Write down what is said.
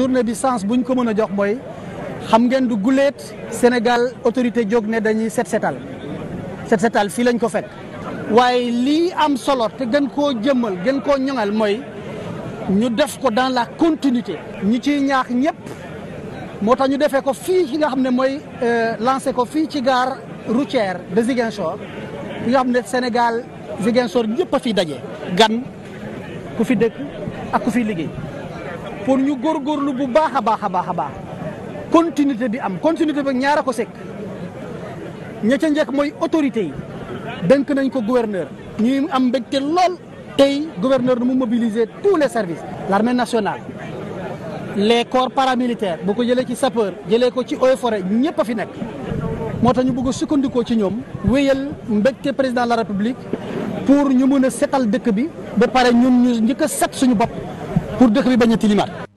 journée bi sens bu ñu ko mën a jox mooy xam ngeen du guleet Sénégal autorité jóg ne dañuy set setal set setal fii lañ ko fekk waaye li am solo te gën koo jëmmal gën koo ñoŋal mooy ñu def ko dans la continuité ñu ci ñaax ñëpp moo tax ñu defee ko fii ci nga xam ne mooy euh, lancé ko fii ci gare routière de Ziguinchor bi nga xam ne Sénégal Ziguinchor ñëpp a fi daje gan ku fi dëkk ak ku fi liggéey pour ñu góor góorlu bu baax a baax a baax a baax continuité bi am continuité bi ñaara ko sekk ña ca njëkk mooy autorité yi dënk nañ ko gouverneur ñuy am mbégte lool tey gouverneur nu mu mobiliser tous les services l'armée nationale les corps paramilitaires bu ko jëlee ci sapeur jëlee ko ci eaux et forêt ñëpp a fi nekk moo tax ñu bugg a sukkandikoo ci ñoom wéyal mbégte président de la république pour ñu mën a setal dëkk bi ba pare ñun ñu njëkk set suñu bopp pour dëkk bi bañ a tilimaat